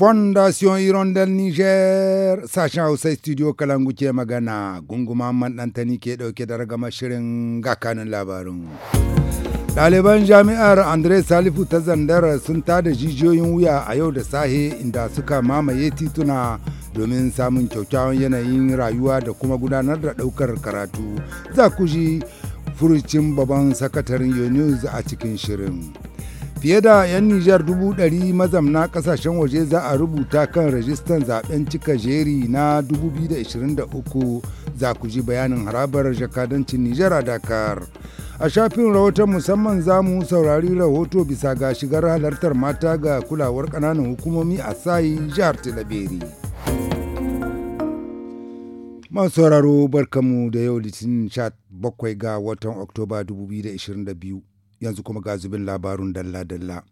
fondation irondel niger sashen hausa studio kalangu ke magana gunguma tani ke dauke da ragama shirin gakanin labarin daliban jami'ar andre salifu ta zandar sun tada jijiyoyin wuya a yau da sahe inda suka mamaye tituna domin samun kyakkyawan yanayin rayuwa da kuma gudanar da ɗaukar karatu za ku ji furucin babban sakataren yonews a cikin shirin Fiye da 'yan Nijar dubu ɗari mazamna ƙasashen waje za a rubuta kan rajistan zaben cika jeri na 2023 za ku ji bayanin harabar jakadancin Nijar a Dakar. A shafin rahoton musamman za mu saurari rahoto bisa ga shigar halartar mata ga kulawar ƙananan hukumomi a sayi jihar Tilaberi. masu sauraro barkamu da yau litinin 17 ga watan oktoba 2022 yanzu kuma ga zubin labarun dalla-dalla.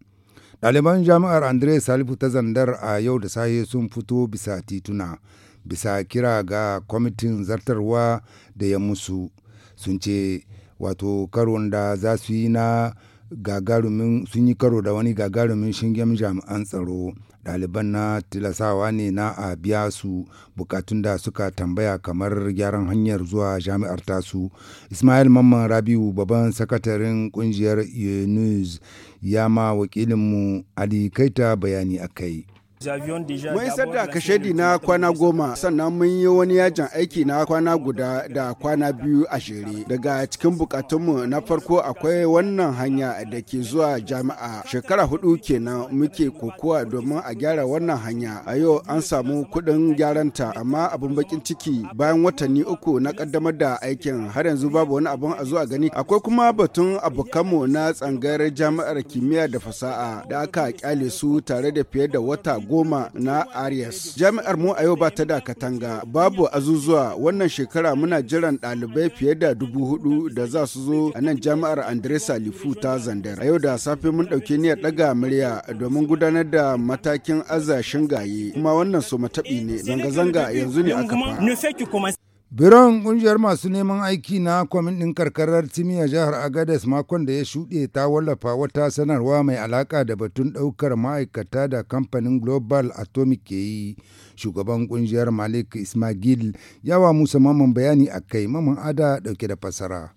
Ɗaliban jami'ar Andre Salifu ta zandar a yau da sahe sun fito bisa tituna, bisa kira ga kwamitin zartarwa da ya musu. Sun ce wato karon da za su yi na gagarumin sun yi karo da wani gagarumin shingen jami'an tsaro ɗaliban na tilasawa ne na a biya su bukatun da suka tambaya kamar gyaran hanyar zuwa jami'ar tasu ismail mamman rabiu babban sakatarin kungiyar news ya ma wakilinmu ali kaita bayani akai. Mun isar da kashedi na kwana goma sannan mun yi wani yajin aiki na kwana guda da kwana biyu a shere. Daga cikin bukatunmu na farko akwai wannan hanya da ke zuwa jami'a. Shekara hudu kenan muke kokowa domin a gyara wannan hanya. A yau an samu kuɗin gyaranta amma abin bakin ciki bayan watanni uku na kaddamar da aikin har yanzu babu wani abun a zuwa gani. Akwai kuma batun abokanmu na tsangayar jami'ar kimiyya da fasaha da aka kyale su tare da fiye da wata goma na arias jami'ar mu a yau ba ta da katanga babu azuzuwa wannan shekara muna jiran dalibai fiye da dubu hudu da za su zo a nan jami'ar andresa salifu ta zandar a yau da safe mun ɗauki niyyar ɗaga murya domin gudanar da matakin azashin gaye kuma wannan su mataɓi ne zanga-zanga yanzu ne aka fara Biron ƙungiyar masu neman aiki na kwamin ɗin karkarar Timiya jihar Agades makon da ya shuɗe ta wallafa wata sanarwa mai alaƙa da batun ɗaukar ma'aikata da kamfanin Global Atomic ke yi. shugaban kungiyar malik ismail yawa musa maman bayani a kai maman ada dauke da fasara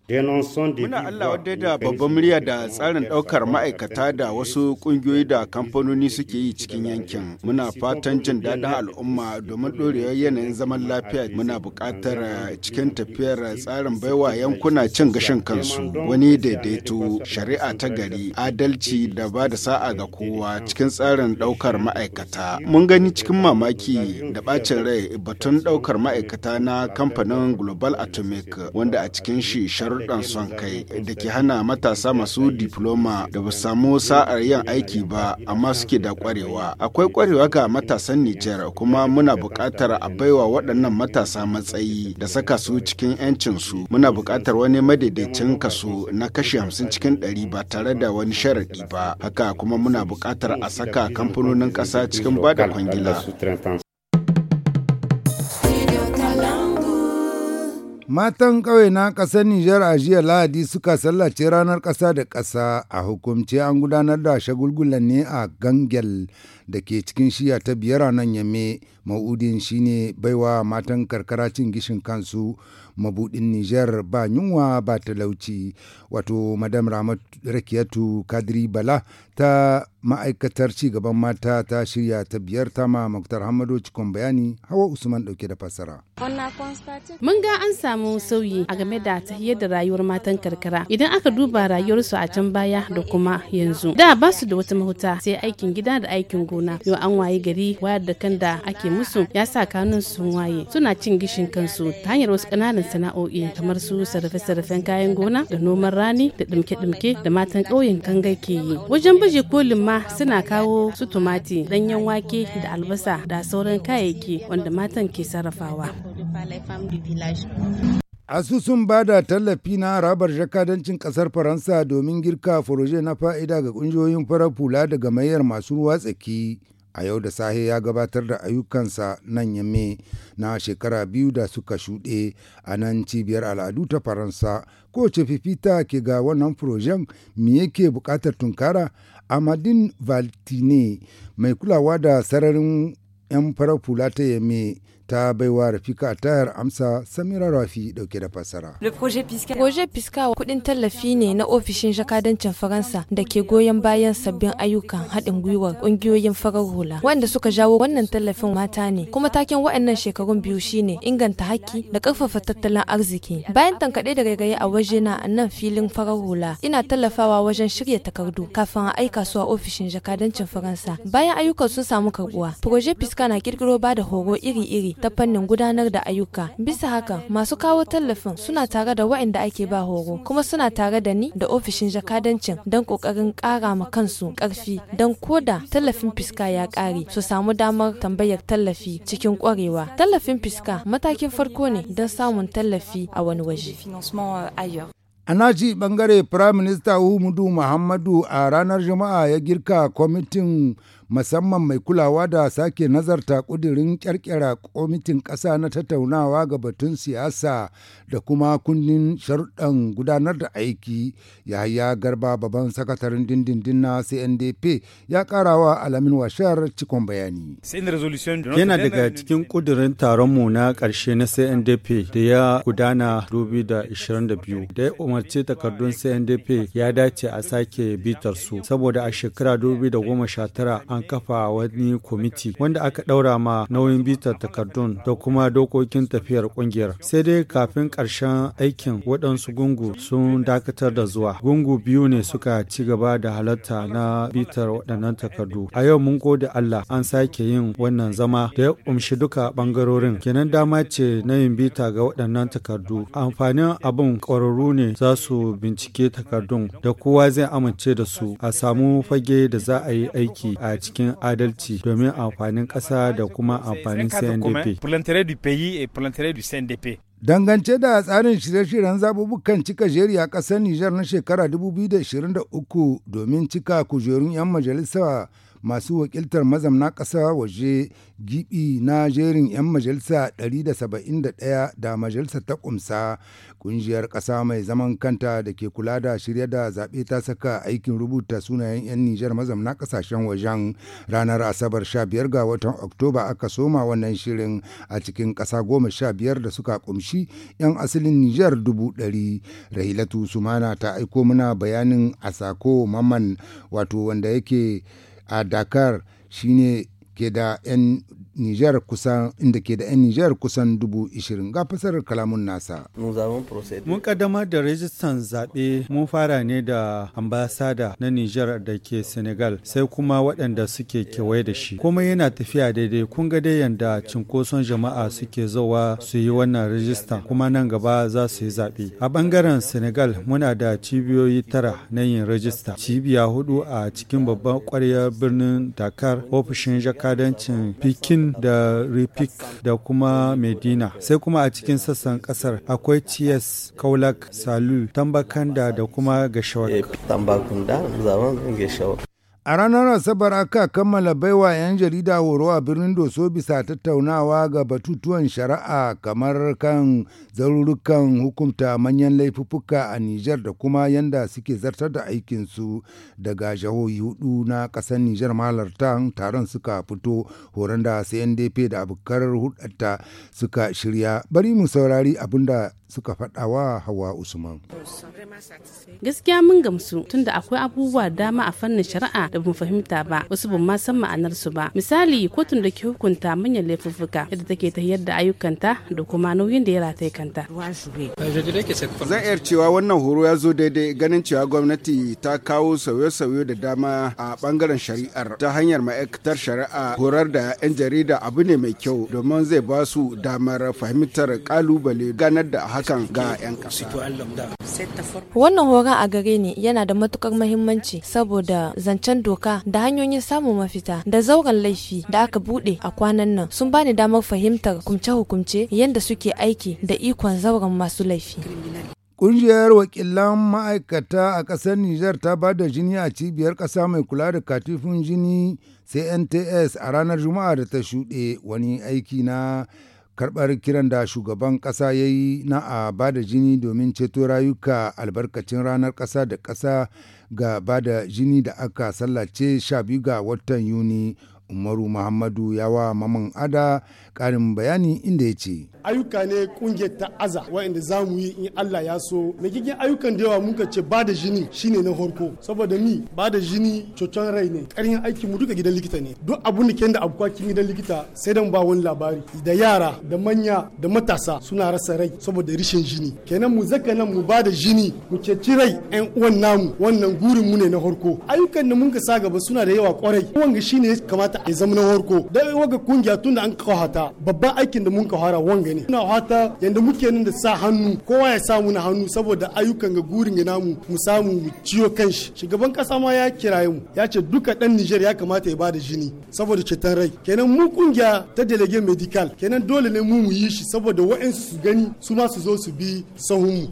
muna allah wadda da babban murya da tsarin daukar ma'aikata da wasu kungiyoyi da kamfanoni suke yi cikin yankin muna fatan jin daɗin al'umma domin ɗorewar yanayin zaman lafiya muna buƙatar cikin tafiyar tsarin baiwa yankuna cin gashin kansu wani daidaito shari'a ta gari adalci da ba da sa'a ga kowa cikin tsarin ɗaukar ma'aikata mun gani cikin mamaki da bacin rai batun daukar ma'aikata na kamfanin global atomic wanda a cikin shi sharuɗan son kai da ke hana matasa masu diploma da ba samu sa'ar yin aiki ba amma suke da kwarewa akwai kwarewa ga matasan nijar kuma muna buƙatar a baiwa waɗannan matasa matsayi da saka su cikin 'yancin su muna buƙatar wani madaidaicin kaso na kashi hamsin cikin ɗari ba tare da wani sharaɗi ba haka kuma muna buƙatar a saka kamfanonin ƙasa cikin bada kwangila Matan ƙauye na ƙasar Nijar a jiya Lahadi suka sallace ranar ƙasa da ƙasa a hukumce an gudanar da shagulgula ne a Gangel da ke cikin shiya ta biyar a nan Yame ma'udin shine baiwa matan karkara cin gishin kansu mabudin niger ba yunwa ba talauci wato madam ramat rakiyatu kadri bala ta ma'aikatar gaban mata ta shirya ta biyar tama muktar hamadu cikon bayani hawa usman dauke da fassara mun ga an samu sauyi a game da tahiyar da rayuwar matan karkara idan aka duba rayuwarsu a can baya da kuma yanzu da ba su da wata mahuta sai aikin gida da aikin gona yau an waye gari wayar da kan da ake musu ya sa kanun sun waye suna cin gishin kansu ta hanyar wasu ƙananan sana'o'i kamar su sarrafe-sarrafen kayan gona da noman rani da ɗimke-ɗimke da matan ƙauyen kangai ke yi wajen baje kolin ma suna kawo su tumati ɗanyen wake da albasa da sauran kayayyaki wanda matan ke sarrafawa asusun ba da tallafi na harabar jakadancin kasar faransa domin girka furoje na fa'ida ga kungiyoyin farar hula daga mayar masu ruwa tsaki a yau da sahe ya gabatar da ayyukansa nan yamme na shekara biyu da suka shuɗe a nan cibiyar al'adu ta faransa kowace fifita ke ga wannan furojen me yake buƙatar tunkara amadin valtine mai kulawa da sararin 'yan farar fula ta yamme ta baiwa Rafika a tayar amsa Samira Rafi dauke da fassara. Proje Fiska kudin tallafi ne na ofishin jakadancin Faransa da ke goyon bayan sabbin ayyukan haɗin gwiwar ƙungiyoyin farar hula wanda suka jawo wannan tallafin mata ne kuma taken waɗannan shekarun biyu shine inganta haƙƙi da ƙarfafa tattalin arziki. Bayan tankaɗe da gaigaye a waje na nan filin farar hula ina tallafawa wajen shirya takardu kafin a aika su a ofishin jakadancin Faransa. Bayan ayyukan sun samu karbuwa projet Fiska na kirkiro ba da horo iri-iri ta fannin gudanar da ayyuka. Bisa haka masu kawo tallafin suna tare da waɗanda ake ba horo kuma suna tare da ni da ofishin jakadancin don ƙoƙarin ƙara ma kansu ƙarfi don koda tallafin fiska ya ƙare su samu damar tambayar tallafi cikin kwarewa Tallafin fiska matakin farko ne don samun tallafi a wani waje. A naci bangare Firaminista umudu Muhammadu a ranar Juma'a ya girka kwamitin musamman mai kulawa da sake nazarta ƙudirin ƙyarƙyara kwamitin ƙasa na tattaunawa ga batun siyasa da kuma kundin sharuɗan gudanar da aiki yahaya garba babban sakataren dindindin na cndp ya karawa alamin washar cikon bayani yana daga cikin kudirin taronmu na ƙarshe na cndp da ya gudana 2022 da ya umarci takardun cndp ya dace a sake bitar su saboda a shekara 2019 an an kafa wani kwamiti wanda aka ɗaura ma nauyin bitar takardun da kuma dokokin tafiyar ƙungiyar. Sai dai kafin karshen aikin waɗansu gungu sun dakatar da zuwa. Gungu biyu ne suka ci gaba da halatta na bitar waɗannan takardu. A yau mun gode Allah an sake yin wannan zama da ya ƙumshi duka ɓangarorin. Kenan dama ce na yin bita ga waɗannan takardu. Amfanin abin ƙwararru ne za su bincike takardun da kowa zai amince da su a samu fage da za a yi aiki a cikin cikin adalci domin amfanin ƙasa da kuma amfanin CNDP. Dangance da tsarin shirye-shiryen zaɓuɓɓukan cika jeri a ƙasar Nijar na shekara 2023 domin cika kujerun 'yan majalisa masu wakiltar mazamna ƙasa waje gibi na jerin 'yan majalisa 171 da majalisa ta ƙumsa ƙungiyar ƙasa mai zaman kanta da ke kula da shirya da zaɓe ta saka aikin rubuta sunayen 'yan nijar mazamna ƙasashen wajen ranar asabar 15 ga watan oktoba aka soma wannan shirin a cikin ƙasa goma sha biyar da suka ƙumshi 'yan asalin nijar dubu ɗari rahilatu sumana ta aiko mana bayanin asako maman wato wanda yake a dakar shine ke da 'yan Nijar kusan inda ke da 'yan Nijar kusan dubu ishirin ga fasar kalamun nasa. Mun kaddamar da rajistan zaɓe mun fara ne da ambasada na Nijar da ke Senegal sai kuma waɗanda suke kewaye da shi. Kuma yana tafiya daidai kun ga dai yanda cinkoson jama'a suke zowa su yi wannan rajista kuma nan gaba za su yi zaɓe. A ɓangaren Senegal muna da cibiyoyi tara na yin rajista. Cibiya hudu a cikin babban ƙwaryar birnin Dakar ofishin jakadancin Pikin Benin da Ripik da kuma Medina. Sai kuma a cikin sassan kasar akwai Chiyas, Kaulak, Salu, Tambakanda da kuma Gashawak. Eh, A ranar Asabar aka kammala baiwa 'yan jarida horo a birnin Doso bisa tattaunawa ga batutuwan shari'a kamar kan zarurukan hukunta manyan laifuffuka a Nijar da kuma yanda suke zartar da aikinsu daga jihohi hudu na ƙasar Nijar malartan taron suka fito horon da CNDP da abokar hudata suka shirya. Bari mu saurari abin da suka faɗa wa Hawa Usman. Gaskiya mun gamsu tunda akwai abubuwa dama a fannin shari'a da bamu fahimta ba wasu ban ma san ma'anar su ba. Misali kotun da ke hukunta manyan laifuffuka yadda take ta yadda ayyukanta da kuma nauyin da ya rataye kanta. Zan iya cewa wannan horo ya zo daidai ganin cewa gwamnati ta kawo sauye-sauye da dama a bangaren shari'ar ta hanyar ma'aikatar shari'a horar da 'yan jarida abu ne mai kyau domin zai ba su damar fahimtar kalubale ganar da hakan ga 'yan ƙasa. Wannan horon a gare ni yana da matukar mahimmanci saboda zancen doka da hanyoyin samun mafita da zauren laifi da aka buɗe a kwanan nan sun bani damar fahimtar hukumce-hukumce yadda suke aiki da ikon zauren masu laifi. Ƙungiyar wakilan ma'aikata a ƙasar Nijar ta ba da jini a cibiyar ƙasa mai kula da katifin jini CNTS a ranar Juma'a da ta shuɗe wani aiki na karɓar kiran da shugaban ƙasa ya yi na a ba da jini domin ceto rayuka albarkacin ranar ƙasa da ƙasa ga ba da jini da aka sallace sha biyu ga watan yuni Umaru Muhammadu ya wa Maman Ada karin bayani inda ya ce. Ayyuka ne ƙungiyar ta aza waɗanda za mu yi in Allah ya so. Me ayyukan da yawa muka ce ba da jini shine na horko saboda mi ba da jini cocon rai ne karin aiki mu duka gidan likita ne. Duk abun da ke da abu kwakin gidan likita sai dan ba wani labari da yara da manya da matasa suna rasa rai saboda rishin jini. Kenan mu zaka nan mu ba da jini mu ceci rai 'yan uwan namu wannan gurin mu ne na horko. Ayyukan da mun ka sa gaba suna da yawa kwarai. Wanga shine kamata ya zama na warko da waga kungiya tun da an kawata babban aikin da mun hara wanga ne ina hata yadda muke nan da sa hannu kowa ya samu na hannu saboda ayyukan ga gurin ga namu mu samu mu ciyo kanshi shugaban kasa ma ya kiraye mu ya ce duka dan nijar ya kamata ya bada jini saboda ceton rai kenan mu kungiya ta delege medical kenan dole ne mu mu yi shi saboda wa'ansu su gani su ma su zo su bi sahun mu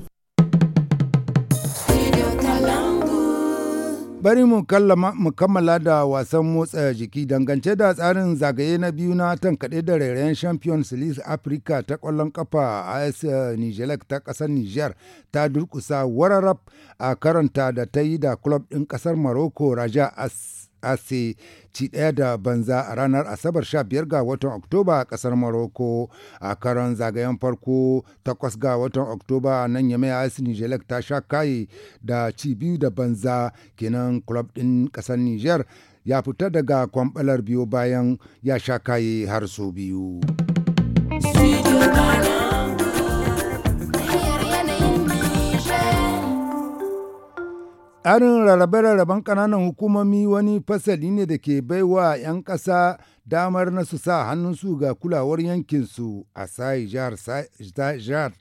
Bari mu kammala da wasan motsa jiki dangance da tsarin zagaye na biyu na tankaɗe da rairayen Champions League Africa ta ƙwallon ƙafa AS nigelec ta ƙasar Niger, ta durƙusa wararab a karanta da ta yi da club ɗin ƙasar Morocco Raja As. ase ci ɗaya da banza a ranar asabar 15 ga watan oktoba a ƙasar morocco a karon zagayen farko takwas ga watan oktoba nan yame as nijelek ta sha kaye da ci biyu da banza kenan club ɗin ƙasar niger ya fita daga kwamɓalar biyu bayan ya sha kaye har sau biyu. Tsarin rarrabe-rarraben ƙananan hukumomi wani fasali ne da ke baiwa 'yan ƙasa damar na su sa hannunsu ga kulawar yankinsu a sai jihar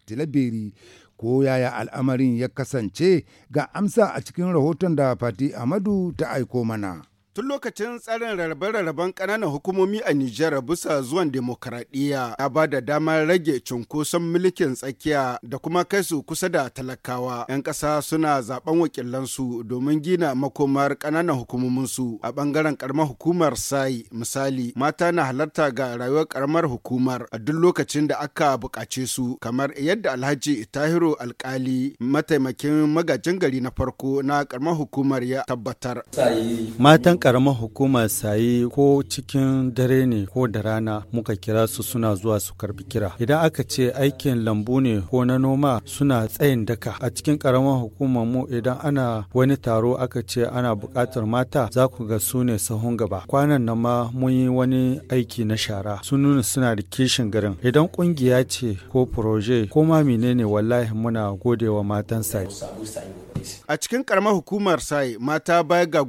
tilabiri ko yaya al'amarin ya kasance ga amsa a cikin rahoton da Fati Amadu ta aiko mana. Tun lokacin tsarin rarrabe-rarraben ƙananan hukumomi a Nijar bisa zuwan demokaradiyya ya ba da damar rage cunkoson mulkin tsakiya da kuma kai su kusa da talakawa. 'Yan ƙasa suna zaben wakilansu domin gina makomar ƙananan hukumominsu a ɓangaren ƙaramar hukumar sai misali mata na halarta ga rayuwar ƙaramar hukumar a duk lokacin da aka buƙace su kamar yadda Alhaji Tahiru Alkali mataimakin magajin gari na farko na ƙaramar hukumar ya tabbatar. Matan karamar hukumar sayi ko cikin dare ne ko da rana muka kira su suna zuwa su karbi kira idan aka ce aikin lambu ne ko na noma suna tsayin daka a cikin karamar hukumar mu idan ana wani taro aka ce ana bukatar mata za ku ga su ne sahun gaba kwanan nan ma mun yi wani aiki na shara sun nuna suna da kishin garin idan kungiya ce ko proje ko ma menene wallahi muna godewa matan sayi A cikin karamar hukumar sai mata baya ga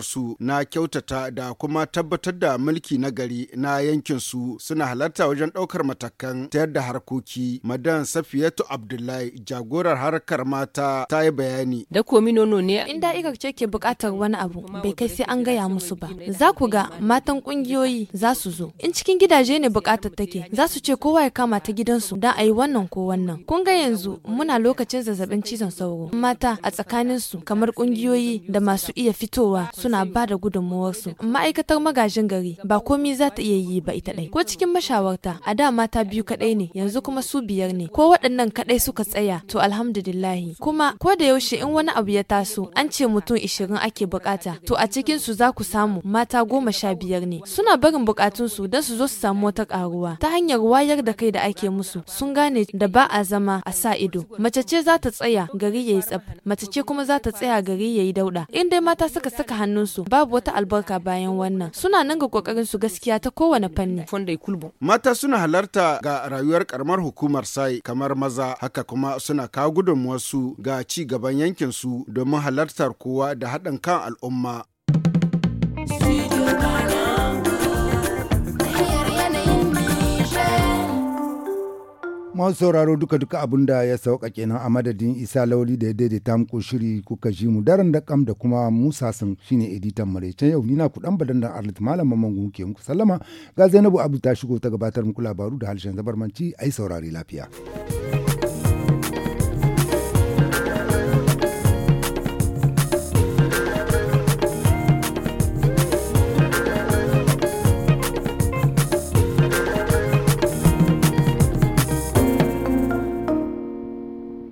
su na kyautata da kuma tabbatar da mulki na gari na yankin su suna halarta wajen ɗaukar matakan tayar da harkoki. Madan Safiyatu Abdullahi jagorar harkar mata ta yi bayani. Da komi nono ne. In da'ikar ce ke bukatar wani abu bai kai sai an gaya musu ba. Za ku ga matan kungiyoyi za su zo. In cikin gidaje ne bukatar take za su ce kowa ya kama ta gidansu don a yi wannan ko wannan. Kun ga yanzu muna lokacin zazzabin cizon sauro. Mata a a tsakaninsu kamar kungiyoyi da masu iya fitowa suna ba da gudunmuwarsu. Ma'aikatar magajin gari ba komi za ta iya yi ba ita ɗai. Ko cikin mashawarta a da mata biyu kaɗai ne yanzu kuma su biyar ne. Ko waɗannan kaɗai suka tsaya to alhamdulillahi. Kuma ko da yaushe in wani abu ya taso an ce mutum ishirin ake bukata to a cikinsu za ku samu mata goma sha biyar ne. Suna barin bukatunsu don su zo su samu wata karuwa ta hanyar wayar da kai da ake musu sun gane da ba a zama a sa ido. Mace ce za ta tsaya gari ya yi tsaf. mace ce kuma za ta tsaya gari ya yi dauɗa. In dai mata suka saka hannunsu babu wata albarka bayan wannan. Suna nan ga kokarin su gaskiya ta kowane fanni. Mata suna halarta ga rayuwar karamar hukumar sai kamar maza haka kuma suna kawo su ga ci gaban yankin su domin halartar kowa da haɗin kan al'umma. masu sauraro duka-duka abin da ya sauka kenan a madadin isa lauli da ya daidaita muku shiri kuka ji mu daren da kam da kuma musa sun shine editan maraicen yau ni na ku dan badan dan arlit malam mamman ke muku sallama ga zainabu abu ta shigo ta gabatar muku labaru da harshen zabarmanci ai saurari lafiya.